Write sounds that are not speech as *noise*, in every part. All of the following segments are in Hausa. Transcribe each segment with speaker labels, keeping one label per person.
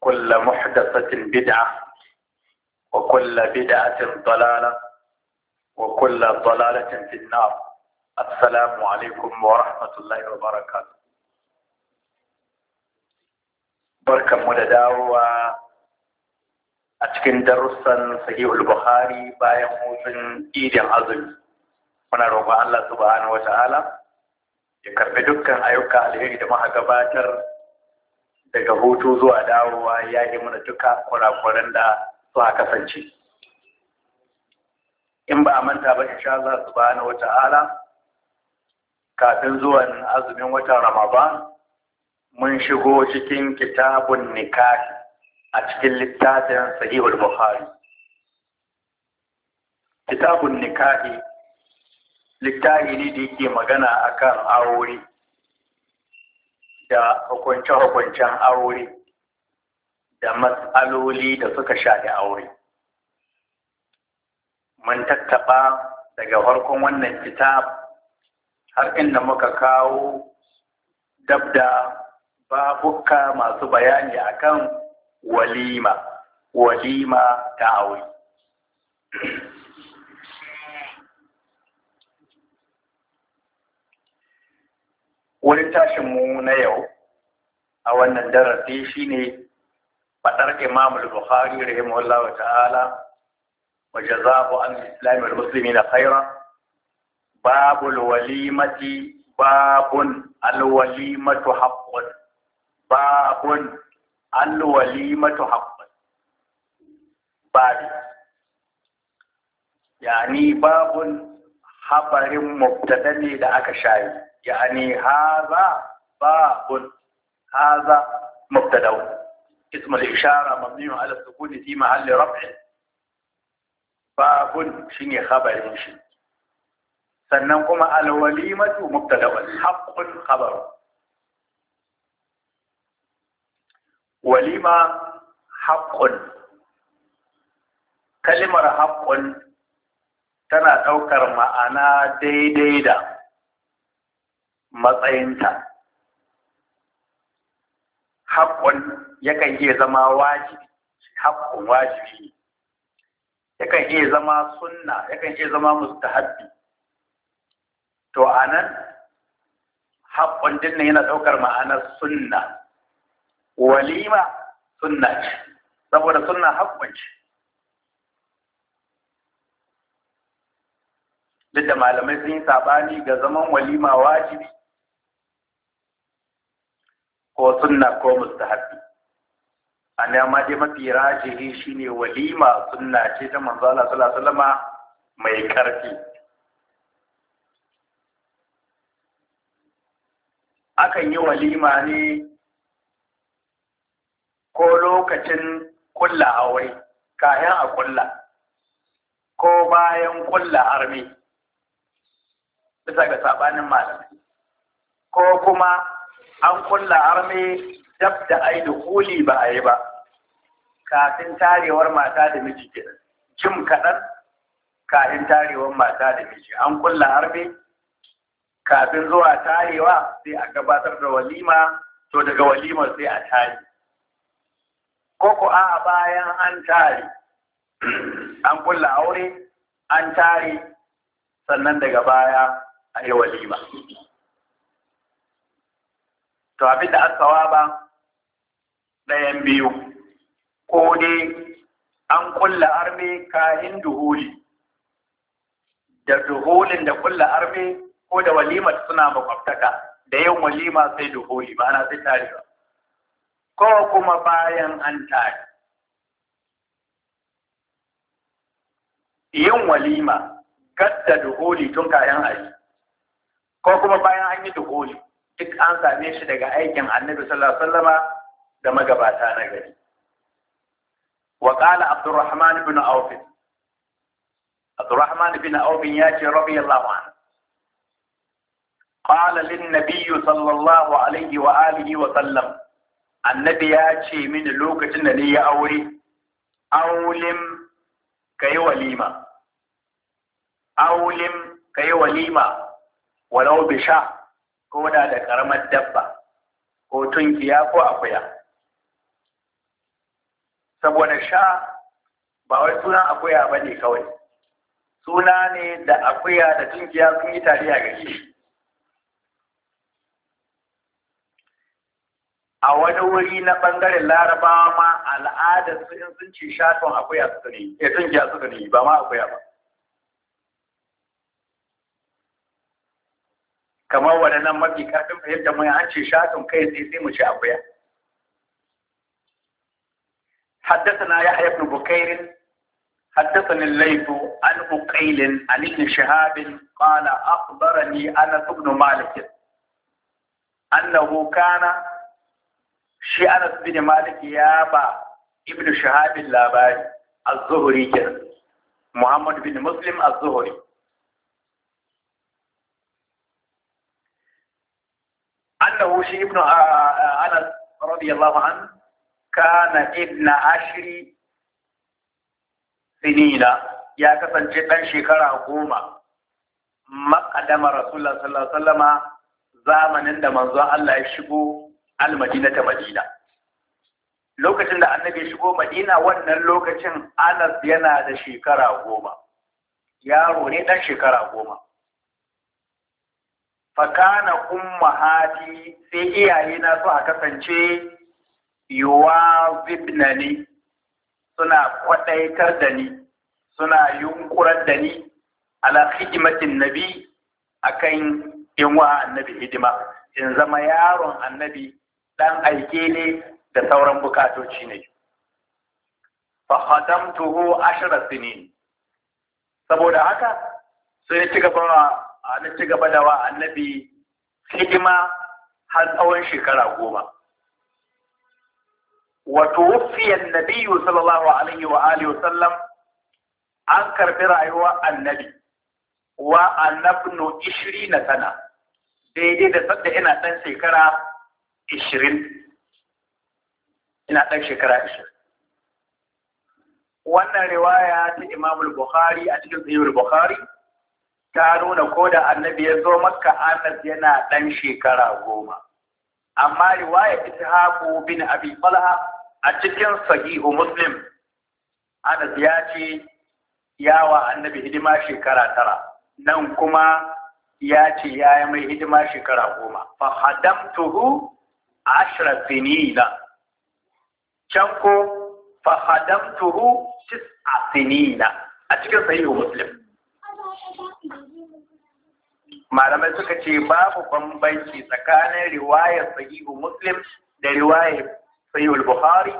Speaker 1: كل محدثة بدعة وكل بدعة ضلالة وكل ضلالة في النار السلام عليكم ورحمة الله وبركاته بركة مدداوة أتكن درسا صحيح البخاري بايا موزن إيد عظيم muna roƙon Allah subhanahu wa ta'ala ya karɓi dukkan ayyuka alheri da muka gabatar daga hutu zuwa dawowa ya yi mana duka kurakuran da suka kasance in ba a manta ba insha Allah wata wata'ala kafin zuwan azumin watan Ramadan mun shigo cikin kitabun nikahi a cikin littafin sahihul bukhari kitabun nikahi littafi ne da yake magana akan aure da hukunce-hukuncen aure da matsaloli da suka shafi aure. Mun tattaɓa daga farkon wannan kitab har inda muka kawo dabda babuka masu bayani akan walima, walima ta aure. wurin tashin mu na yau a wannan darasi shine fadar Imam al-Bukhari rahimahullah ta'ala wa jazahu an islam al-muslimina khaira Babu babul walimati babun al-walimatu haqqun babun al-walimatu haqqun babi yani babun habarin mubtada ne da aka shayi يعني هذا باب هذا مبتدا اسم الإشارة مبني على السكون في محل رفع باب شنو خبر شنو sannan kuma alwalimatu mubtada'un haqqun khabar walima haqqun kalimar haqqun tana daukar ma'ana daidai da matsayinta haƙƙun yakan iya zama wajibi haƙƙun wajibi yakan iya zama sunna yakan iya zama mustahabbi to anan haƙƙun dinnan yana ɗaukar ma'anar sunna walima sunna ce saboda sunna haƙƙun ce duk da malamai sun yi saɓani ga zaman walima wajibi ko sunna ko mustahabbi annan ma dai mafi rajihi shine walima sunna ce ta manzo Allah sallallahu alaihi wasallama mai karfi akan yi walima ne ko lokacin kulla aure kayan a kulla ko bayan kulla armi bisa ga sabanin malamai ko kuma an kulla arme dab da ai dukuli ba a yi ba kafin tarewar mata da miji ke jim kaɗan kafin tarewar mata da miji an kulla arme kafin zuwa tarewa sai a gabatar da walima to daga walimar sai a tare ko ko a bayan an tare an kulla aure an tare sannan daga baya a yi walima to abin da aka ba ɗayan biyu ko dai an kulla arme kayan duhuli da duhulin da kulla arme ko da walima suna makwabtaka da yin walima sai duhuli ma'ana sai tare ba. ko kuma bayan an tare yin walima gadda duhuli tun kayan ayi ko kuma bayan an yi duhuli duk an same shi daga aikin annabi sallallahu alaihi wasallama da magabata na gari wa qala abdurrahman ibn auf abdurrahman ibn auf ya ce radiyallahu anhu qala lin nabiy sallallahu alaihi wa alihi wa sallam annabi ya ce mini lokacin da ni ya aure aulim kai walima aulim kai walima walau bi sha ko da da karamar dabba ko tunkiya ko akuya saboda sha ba wai sunan akuya ba ne kawai suna ne da akuya da tunkiya sun yi tare a gashi shi a wani wuri na bangaren larabawa ma al'adar su in sun ce shaton akuya suka ne ya eh, tunkiya suka ne ba ma akuya ba kamar wani nan mafi karfin fahimta da mai an ce kai sai sai mu ci akuya. Haddasana ya haifin bukairin, haddasanin laifu an bukailin alikin shahabin kwana akubara ana tubnu malikin. An na shi ana tubnu maliki ya ba ibn shahabin labari a zuhuri kenan. Muhammad bin Muslim a zuhuri. shi ibnu anas radiyallahu an kana ibna ashri sinina ya kasance dan shekara goma makadama rasulullah sallallahu alaihi wasallama zamanin da manzon Allah ya shigo almadina ta madina lokacin da annabi ya shigo madina wannan lokacin anas yana da shekara goma yaro ne dan shekara goma fakana ummahati sai iyaye na su a kasance yuwa ne, suna kwadaitar da ni suna yunkurar da ni ala hidimatin nabi akan kan wa annabi hidima in zama yaron annabi dan aike ne da sauran bukatoci ne fa khadamtuhu ashara sinin saboda haka sai ci gaba na ci gaba da wa annabi hidima har tsawon shekara goma wato wufiyan nabiyu sallallahu alaihi wa alihi wasallam an karbi rayuwa annabi wa annabnu ishiri na sana daidai da sadda ina ɗan shekara ishirin ina ɗan shekara ishirin wannan riwaya ta imamul bukhari a cikin sahihul bukhari ta nuna ko da annabi ya zo makka anas yana ɗan shekara goma amma riwaya ishaku bin abi falha a cikin sahihu muslim anas ya ce yawa annabi hidima shekara tara nan kuma ya ce ya yi mai hidima shekara goma fa hadamtuhu ashra sinina can ko fa hadamtuhu tis'a sinina a cikin sahihu muslim malamai suka ce babu bambanci tsakanin riwayar sahihu muslim da riwayar sahihul bukhari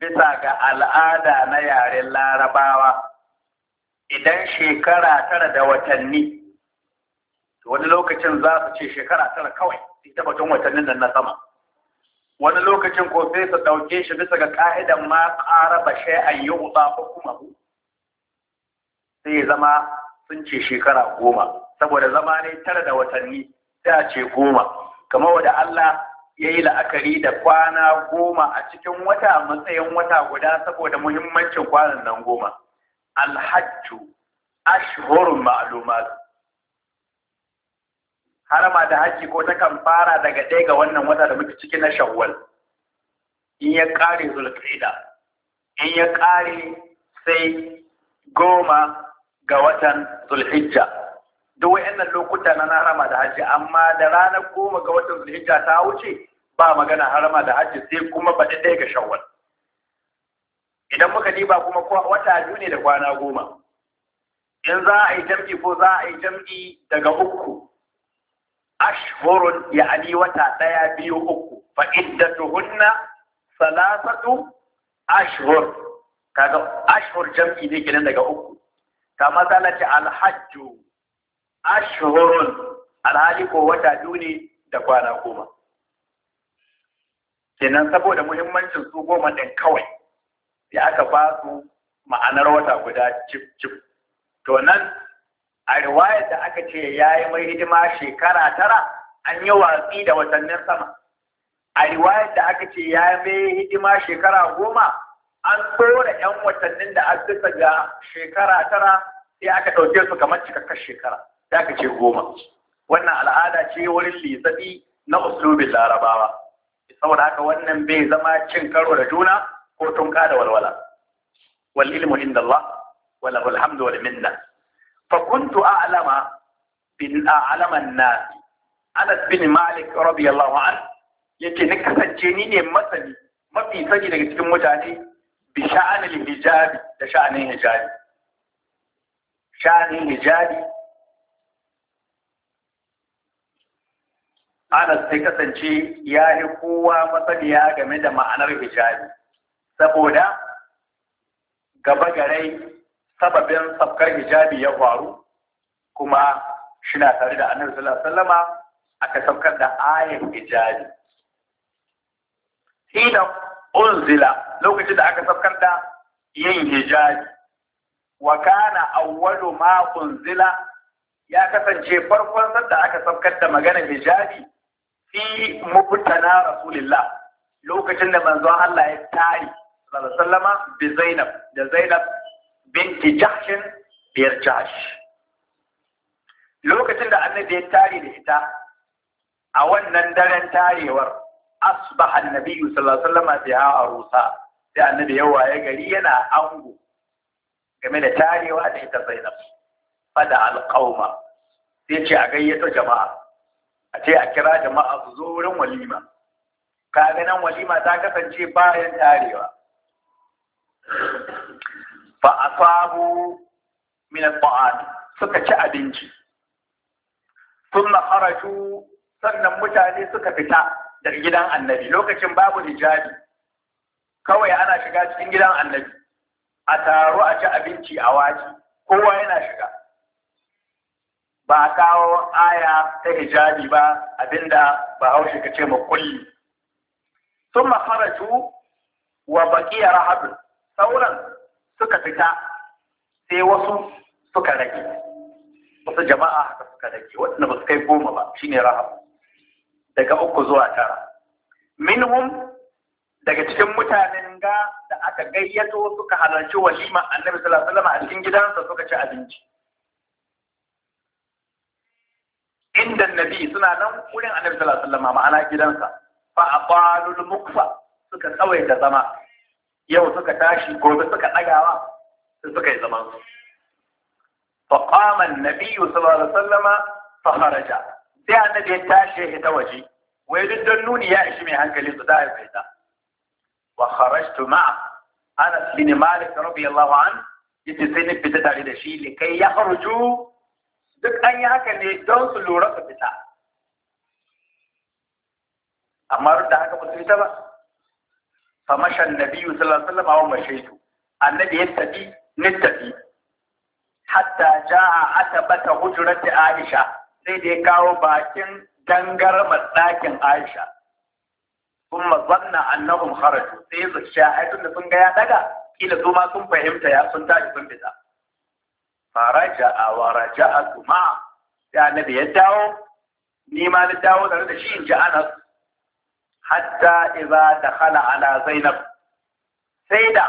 Speaker 1: bisa ga al'ada na yaren larabawa idan shekara tara da watanni wani lokacin za su ce shekara tara kawai ita batun watannin nan na sama wani lokacin ko sai su ɗauke shi bisa ga ka'idan ma ƙara ba shai an yi ko kuma sai ya zama sun ce shekara goma saboda zama ne tara da watanni da ce goma kamar wanda Allah ya yi la'akari da kwana goma a cikin wata matsayin wata guda saboda muhimmancin kwanan nan goma alhajju ashhurun ma'lumat harama da haji ko ta kan fara daga ɗaya ga wannan wata da muke ciki na shawwal in ya ƙare zulqa'ida in ya ƙare sai goma ga watan zulhijja da wayannan lokuta na harama da hajji amma da ranar goma ga watan zulhijja ta wuce ba magana harama da hajji sai kuma baɗi ɗaya ga shawwal idan muka diba kuma wata juni ne da kwana goma in za a yi jam'i ko za a yi jam'i daga uku ashhurun ali wata ɗaya biyu uku fa iddatuhunna salasatu ashhur kaga ashhur jam'i ne kenan daga uku kama zalati alhajju ashhurun alhali ko wata duni da kwana goma kenan saboda muhimmancin su goma ɗin kawai sai aka ba su ma'anar wata guda cif cif to nan a riwayar da aka ce ya yi mai hidima shekara tara an yi watsi da watannin sama a riwayar da aka ce ya yi mai hidima shekara goma an tsora 'yan watannin da aka ga shekara tara sai aka ɗauke su kamar cikakkar shekara Ya kace goma wannan al'ada ce wurin lissafi na uslubin larabawa saboda haka wannan bai zama cin karo da juna ko tunka da walwala wal ilmu inda Allah wala alhamdu wal minna fa kuntu a'lama bin a'lama an-nas Anas bin Malik radiyallahu an yake ni kasance ni ne masani mafi sani daga cikin mutane bi sha'anil hijabi da sha'anin hijabi sha'anin hijabi Anas sai kasance ya yi kowa masaniya game da ma'anar hijabi, saboda gaba garai sababin sabkar hijabi ya faru kuma shina tare da annabi sallallahu alaihi aka sabkar da ayin hijabi. Hina unzila lokacin da aka sabkar da yin hijabi wa kana awwalu ma unzila ya kasance farkon sanda aka sabkar da maganar hijabi fi mubtana rasulillah lokacin da manzon Allah ya tari sallama bi Zainab da Zainab binti Jahshin biyar Jahsh lokacin da annabi ya tare da ita a wannan daren tarewar asbaha annabi sallallahu alaihi wasallam biha arusa sai annabi ya gari yana ango game da tarewa da ita Zainab fada alqauma sai ce a gayyato jama'a a ce a kira jama'a su zo wurin walima ka nan walima ta kasance bayan tarewa fa asabu min al-ta'am suka ci abinci thumma kharaju sannan mutane suka fita daga gidan annabi lokacin babu hijabi kawai ana shiga cikin gidan annabi a taro a ci abinci a waji kowa yana shiga ba a kawo aya ta hijabi ba abinda ba haushe ka ce makulli sun mafaraju wa baƙiya rahadu sauran suka fita sai wasu suka rage wasu jama'a haka suka rage waɗanda ba su kai goma ba shine rahab daga uku zuwa tara minhum daga cikin mutanen ga da aka gayyato suka halarci walima annabi sallallahu alaihi wasallam a cikin gidansa suka ci abinci inda nabi suna nan wurin annabi sallallahu alaihi wasallam ma'ana gidansa fa aqalul mukfa suka da zama yau suka tashi gobe suka dagawa suka yi zaman su fa qama an-nabi sallallahu alaihi wasallam fa kharaja sai annabi ya tashi ya ta waje wai duk don nuni ya ishi mai hankali su da ya fita wa kharajtu ma'a Anas bin Malik radiyallahu an yace sai ni fita tare da shi likai ya kharuju duk an yi haka ne don su lura su fita amma duk da haka ba su fita ba fa mashan nabiyyu sallallahu alaihi wasallam wa mashaitu annabi ya tafi ni tafi hatta jaa atabata hujrati aisha sai da ya kawo bakin gangar ɗakin aisha kuma zanna annahum kharaju sai su sha ai tun da sun ga ya daga kila su ma sun fahimta ya sun tashi sun fita فرجع ورجع الأمع يا النبي يدعو نيما للدعوة لأن شيء جاء حتى إذا دخل على زينب سيدا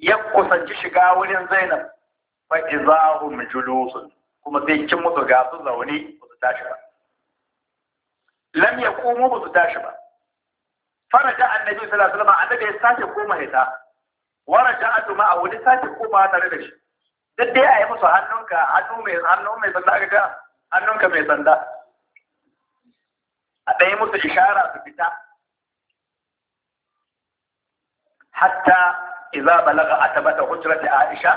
Speaker 1: يبقى سنجش قاول زينب فإذا هم جلوس كما تيجم تقاس الزوني وتتاشبا لم يقوموا وتتاشبا فرجع النبي صلى الله عليه وسلم على بيستان يقوم هيدا ورجعت ما أولي ساتي قوما تردش duk dai a yi musu hannunka hannu mai hannu mai sanda ga hannunka mai sanda a ɗaya musu ishara su fita hatta idza balaga atabata hujrati aisha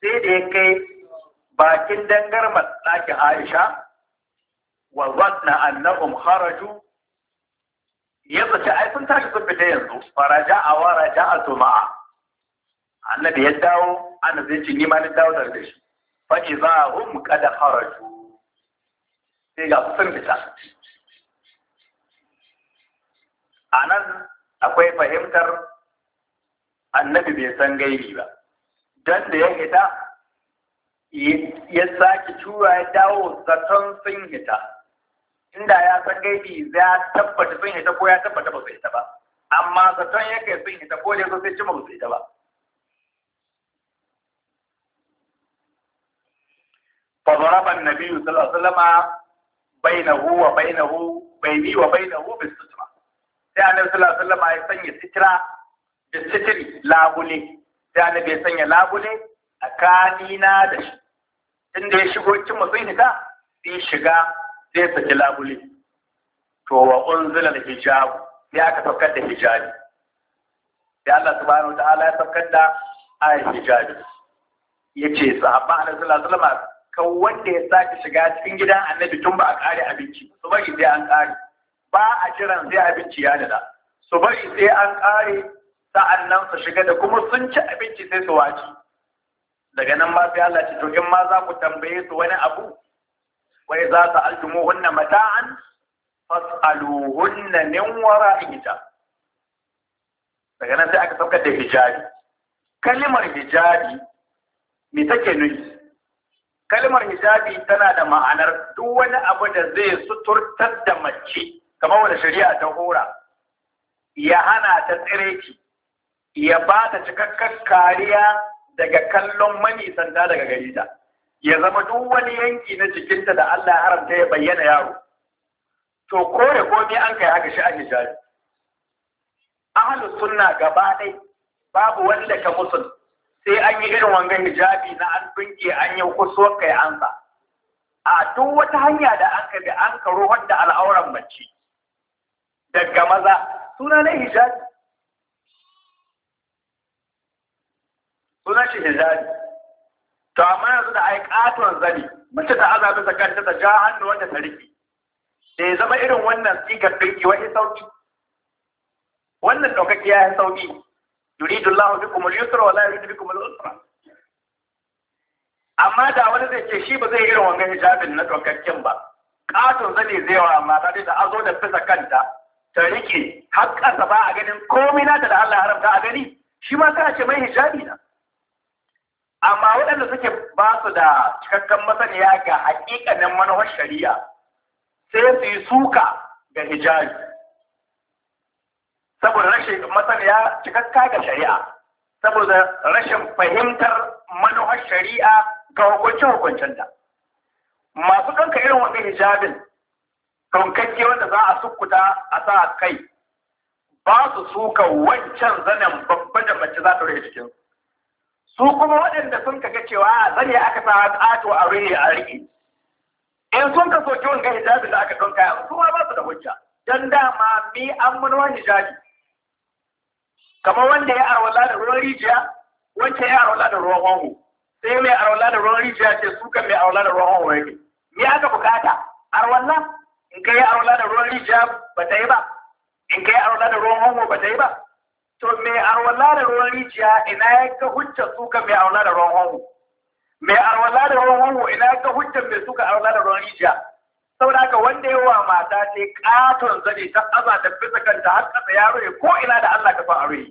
Speaker 1: sai da ya kai bakin dangarmar ɗakin aisha wa zanna annahum kharaju yanzu ce ai sun tashi sun fita yanzu faraja a wara ja'a tuma'a annabi ya dawo ana zai ce nima na dawo da shi fa iza hum qad kharaju sai ga sun fita anan akwai fahimtar annabi bai san gairi ba dan da ya hita ya sake tura ya dawo zaton sun hita inda ya san gaibi ya tabbata sun hita ko ya tabbata ba su hita ba amma zaton ya kai sun hita ko ne ya sai cimma ba su hita ba فضرب النبي صلى الله عليه وسلم بينه wa بيني وبينه بالسترة يعني النبي صلى sai عليه وسلم alaihi wasallam ya sanya sitra labule sai annabi ya sanya labule kanina da shi tunda ya shigo cikin matsayin hita sai shiga sai saki labule to wa unzila hijabu sai aka saukar da hijabi sai Allah subhanahu wataala ya saukar da ayat hijabi yace sahabba sallallahu alaihi wasallam ka wanda ya sake shiga cikin gidan annabi tun ba a kare abinci su bari sai an kare ba a jiran sai abinci ya dada su bari sai an kare sa'annan su shiga da kuma sun ci abinci sai su waci daga nan ma sai Allah ce to in ma za ku tambaye su wani abu wai za ta aljumuhunna mata'an fas'aluhunna min wara'i hijab daga nan sai aka saukar da hijabi kalimar hijabi me take nufi kalmar hijabi tana da ma'anar duk wani abu da zai suturtar da mace kamar wanda shari'a ta hora ya hana ta ki ya ba ta cikakkar kariya daga kallon mani sanda daga gari ta ya zama duk wani yanki na jikinta da Allah ya haramta ya bayyana yaro to ko da komai an kai haka shi a hijabi ahlus sunna gaba ɗaya babu wanda ka musulun sai an yi irin wangan hijabi na an binke an yi kuso kai an sa a duk wata hanya da an kabi bi an karo wadda al'auran mace daga maza suna na hijabi suna shi hijabi to amma yanzu da ai katon zani mace ta azabi zakar ta ja hannu wanda ta rike da ya zama irin wannan sigar dinki wani sauki wannan ɗaukaki ya yi sauki yuridu Allahu bikum al-yusra wa la yuridu bikum al amma da wani zai ce shi ba zai irin wannan hijabin na dokakken ba katon zane zai wa mata dai da azo da fisa kanta ta rike har ba a ganin komai na da Allah haramta a gani shi ma kana ce mai hijabi na amma waɗanda suke ba su da cikakken masaniya ga hakikanin manufar shari'a sai su yi suka ga hijabi saboda rashin masaniya cikakka ga shari'a saboda rashin fahimtar manuhar shari'a ga hukuncin hukuncenta masu kanka irin wani hijabin kankakke wanda za a sukuta a sa kai ba su suka wancan zanen babba da mace za ta rage cikin su kuma waɗanda sun kaga cewa zane aka sa ato a rage a rike in sun ka soke wani hijabin da aka ɗauka su ma ba su da hujja don dama mi an manuwa hijabi kamar wanda ya arwala da ruwan rijiya wanda ya arwala da ruwan hongo sai mai arwala da ruwan rijiya ce su kan mai arwala da ruwan hongo yake me aka bukata arwala in ka yi arwala da ruwan rijiya ba ta yi ba in ka yi arwala da ruwan hongo ba ta yi ba to mai arwala da ruwan rijiya ina ya ka hujja su kan mai arwala da ruwan hongo mai arwala da ruwan hongo ina ya ka hujja mai kan arwala da ruwan rijiya saboda haka wanda ya wa mata ce katon zane ta aza da bisa kanta har kasa yaro ya ko ina da Allah ka fa aure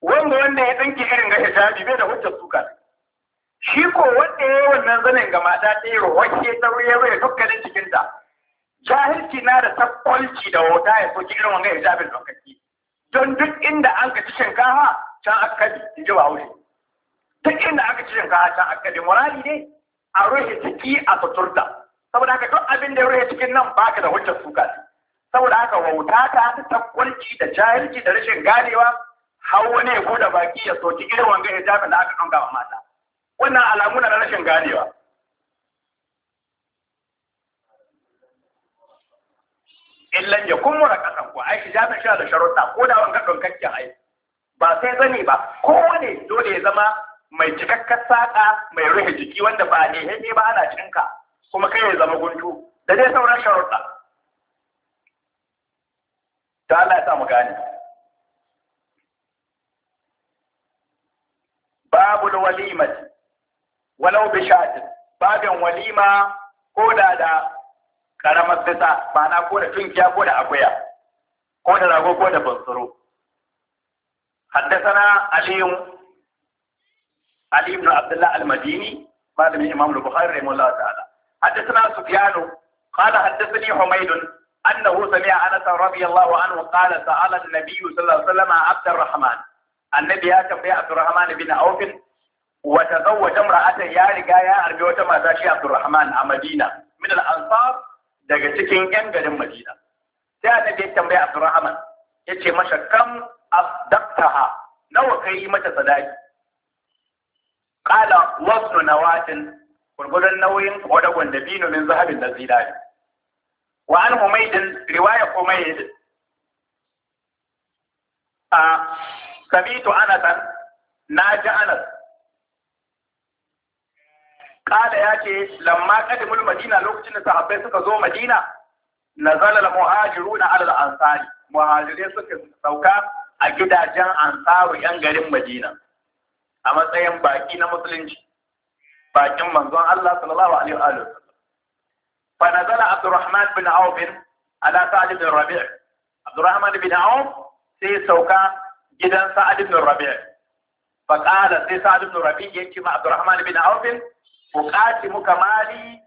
Speaker 1: wanda wanda ya danki irin ga hijabi bai da hujjar suka shi ko wanda ya yi wannan zanen ga mata ta yi wacce ta ya da dukkanin ta jahilci na da takwalci da wata ya soki irin wannan hijabin lokaci don duk inda an ka ci shinkafa can akadi in ji wuce duk inda aka ci shinkafa can akadi murali ne a rufe ciki a suturta saboda haka duk abin da ya rufe cikin nan baka da hujjar suka ne saboda haka wauta ta ta takwalci da jahilci da rashin ganewa har wani ya bude baki ya soki irin wanga Jami da aka ɗauka wa mata wannan alamu na rashin ganewa illan ya kun mura kasan ku ai Jami sha da sharuɗa ko da wanga dunkakke ai ba sai zane ba kowane dole ya zama mai cikakkar saƙa mai rufe jiki wanda ba ne ba ana cinka kuma kai ya zama guntu da dai sauran sharuɗa ta Allah ya sa mu gane babul walimati walau bi shatin babin walima ko da da karamar bisa ma'ana ko da tunkiya ko da akuya ko da rago ko da bansuro حدثنا علي علي بن عبد Al-Madini, malamin Imam البخاري رحمه الله تعالى حدثنا سفيان قال حدثني حميد أنه سمع أنس رضي الله عنه قال سأل النبي صلى الله عليه وسلم عبد الرحمن النبي يا تنبي عبد الرحمن بن عوف وتزوج امرأة يا رجا يا أربي وتما عبد الرحمن على مدينة من الأنصار daga cikin ƴan garin Madina sai annabi ya tambaya Abdurrahman ya ce masa kam asdaqtaha nawa kai mata sadaki qala wasnu nawatin gurgudan nauyin kodagon da bino min zahabin da zinari wa an humaydin riwaya humayd a sabitu anasan na ji anas kala ya ce lamma kadimul madina lokacin da sahabbai suka zo madina nazalal muhajiruna alal ansari muhajirai suka sauka a gidajen ansaru yan garin madina a matsayin baki na musulunci bakin manzon Allah sallallahu alaihi wa alihi fa nazala Abdurrahman bin Auf ala Sa'd bin Rabi' Abdurrahman bin Auf sai sauka gidan Sa'd bin Rabi' fa qala sai Sa'd bin Rabi' yake ma Abdurrahman bin Auf buƙaci muka mali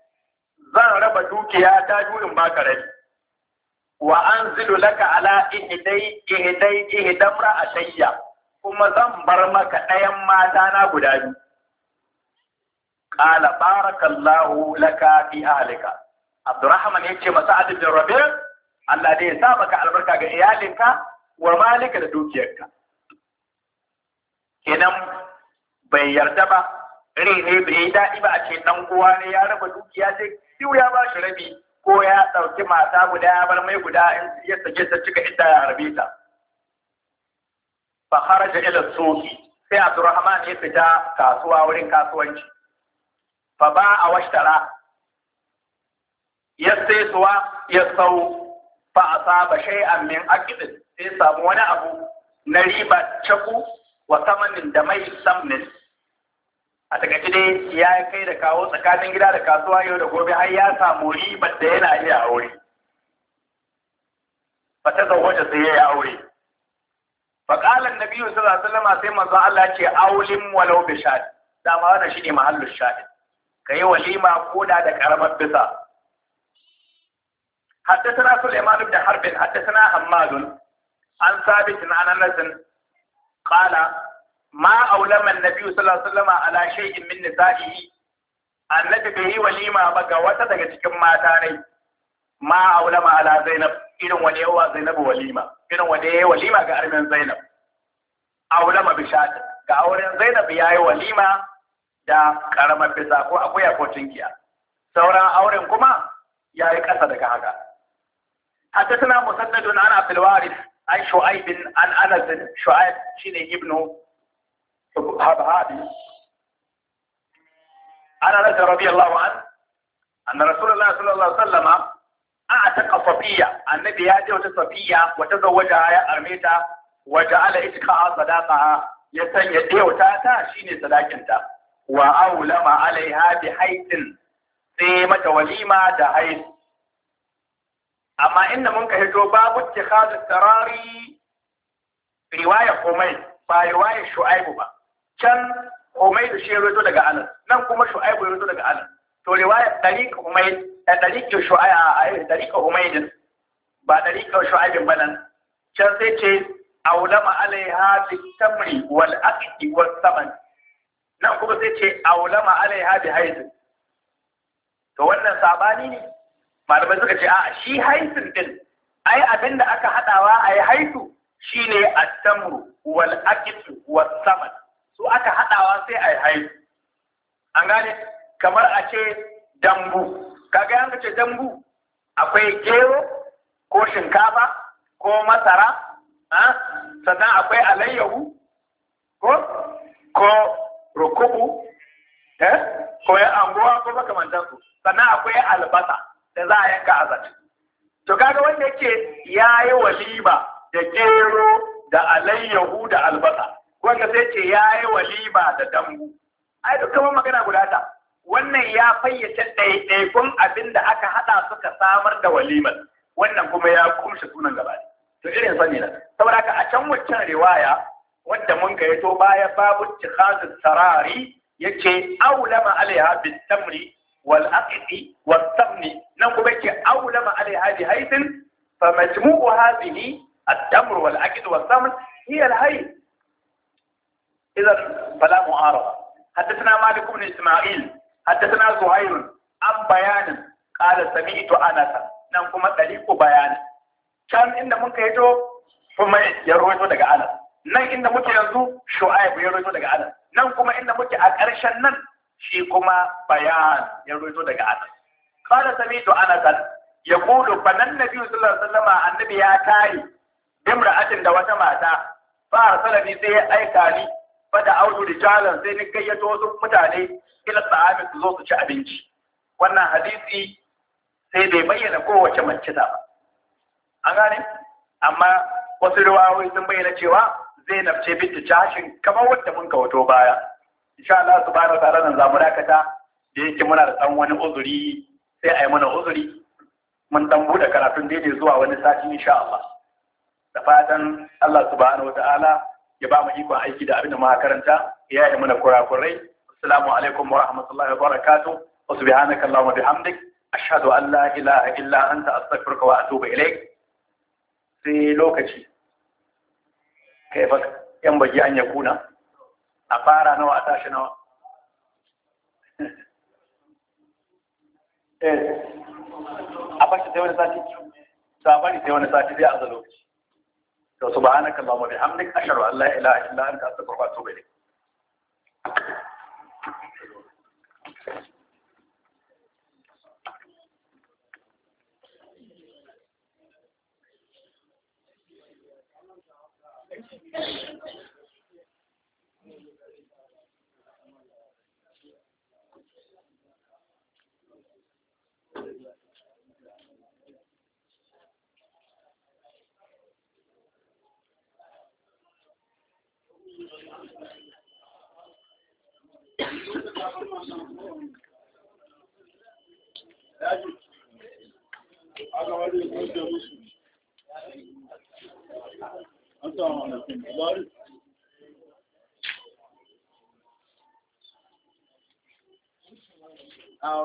Speaker 1: zan raba dukiya ta jurin baka rai wa anzilu laka ala ihdai ihdai ihdamra ashayya kuma zan bar maka ɗayan mata na guda biyu qala barakallahu laka fi ahlika abdurrahman yace masa adin rabi Allah dai ya sa maka albarka ga iyalinka wa malika da dukiyarka kenan bai yarda ba rai ne bai yi daɗi ba a ce dan uwa ne ya raba dukiya sai siu ya ba shi rabi ko ya ɗauki mata guda ya bar mai guda in ya sake ta cika inda ya harbe ta fa kharaja ila suqi sai Abdurrahman ya fita kasuwa wurin kasuwanci fa ba a tara. ya sai suwa ya sau fa shai a min aqdin sai samu wani abu na riba caku wa samanin da mai samnin a takaice dai ya kai da kawo tsakanin gida da kasuwa yau da gobe har ya samu ribar da yana iya aure ba ta zawaje sai ya yi aure ba qala an biyu su zasu lama sai manzo Allah ce aulin walau bishad shahid dama shi ne mahallin shahid ka yi walima koda da karamar bisa حدثنا سليمان بن حرب حدثنا حماد عن ثابت عن انس قال ما اولم النبي صلى الله عليه وسلم على شيء من نسائه annabi bai yi walima ba ga wata daga cikin mata ne ma aulama ala zainab irin wani yawa zainab walima irin wani yayi walima ga armen zainab aulama bishata ga auren zainab yayi walima da karamar bisa ko akwai ko cinkiya sauran auren kuma ya yi ƙasa daga haka حدثنا مسدد عن عبد الوارث عن شعيب عن انس شعيب شين ابن هبهابي عن انس رضي الله عنه ان رسول الله صلى الله عليه وسلم اعتق صفيه النبي يا جوت صفيه وتزوجها يا ارميتا وجعل اتقاها صداقها ya sanya ɗewata ta wa aulama alaiha bi haitin sai mata walima da hait amma inda mun ka hito babu ittikhadu tarari riwaya komai ba riwaya shu'aibu ba can komai da shi zo daga anas nan kuma shu'aibu zo daga anas to riwaya tariq umayd eh, da tariq shu'aibu tariq ah, eh, umayd ba tariq Shu'aibin ba nan can sai ce aulama alaiha bi tamri wal aqdi was saman nan kuma sai ce a aulama alaiha bi haizin to wannan sabani ne malamai suka ce a shi haizin din ai abin da aka haɗawa a yi haitu shine a tamru wal akitu wal samad su aka haɗawa sai a yi haitu an gane kamar a ce dambu kaga yanka ce dambu akwai gero ko shinkafa ko masara ah, sannan akwai alayyahu ko ruku'u eh ko ya anguwa ko makamantan su sannan akwai albasa da za a yanka azat to kaga wanda yake yayi waliba da gero da alayyahu da albasa wanda sai ce yayi waliba da dambu ai duk kuma magana guda ta wannan ya fayyace ɗaiɗaikun abin da aka haɗa suka samar da walimar wannan kuma ya kumshi sunan gaba to irin sani na saboda haka a can waccan riwaya wanda mun ga yato baya babu tikhazin sarari yace awlama alaiha bis tamri wal aqdi wat tamni nan kuma yake awlama alaiha bi haythin fa majmu'u hadhihi wal aqdi التمر والعقد والثمن هي الهي إذا فلا معارضة حدثنا مالك بن إسماعيل حدثنا زهير عن بيان قال سمعت أنس نعم كما طريق بيان كان إن من كيتو حميد يرويتو daga أنس nan inda muke yanzu Shu'aibu ya roito daga anas nan kuma inda muke a ƙarshen nan shi kuma bayan ya roito daga anas qala sami'tu anas yaqulu fa nan nabi sallallahu alaihi wasallam annabi ya tare bimra'atin da wata mata fa arsalani sai ya aika ni fa da audu rijalan sai ni gayyato wasu mutane ila sa'abi su zo su ci abinci wannan hadisi sai bai bayyana kowace mace ta ba an gane amma wasu riwayoyi sun bayyana cewa Zainab ce binti Jashin kamar wadda mun kawato baya insha Allah subhanahu wataala nan za mu dakata da yake muna da dan wani uzuri sai a yi mana uzuri mun dan karatun daidai zuwa wani sati insha Allah da fatan Allah subhanahu wataala ya ba mu ikon aiki da abin da muka karanta ya yi mana kurakurai assalamu alaikum wa rahmatullahi wa barakatuh wa subhanaka allahumma bihamdik ashhadu an la ilaha illa anta astaghfiruka wa atubu ilaik sai lokaci kai fa yan baki an ya kuna a fara nawa a tashi nawa *laughs* eh, a fashe sai wani sati ta bari sai wani sati zai ba ana to subhanaka allahumma bihamdik ashhadu an la ilaha illa la'arka a wa atubu ilayk Oh,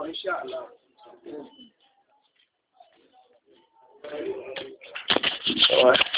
Speaker 1: inshallah. All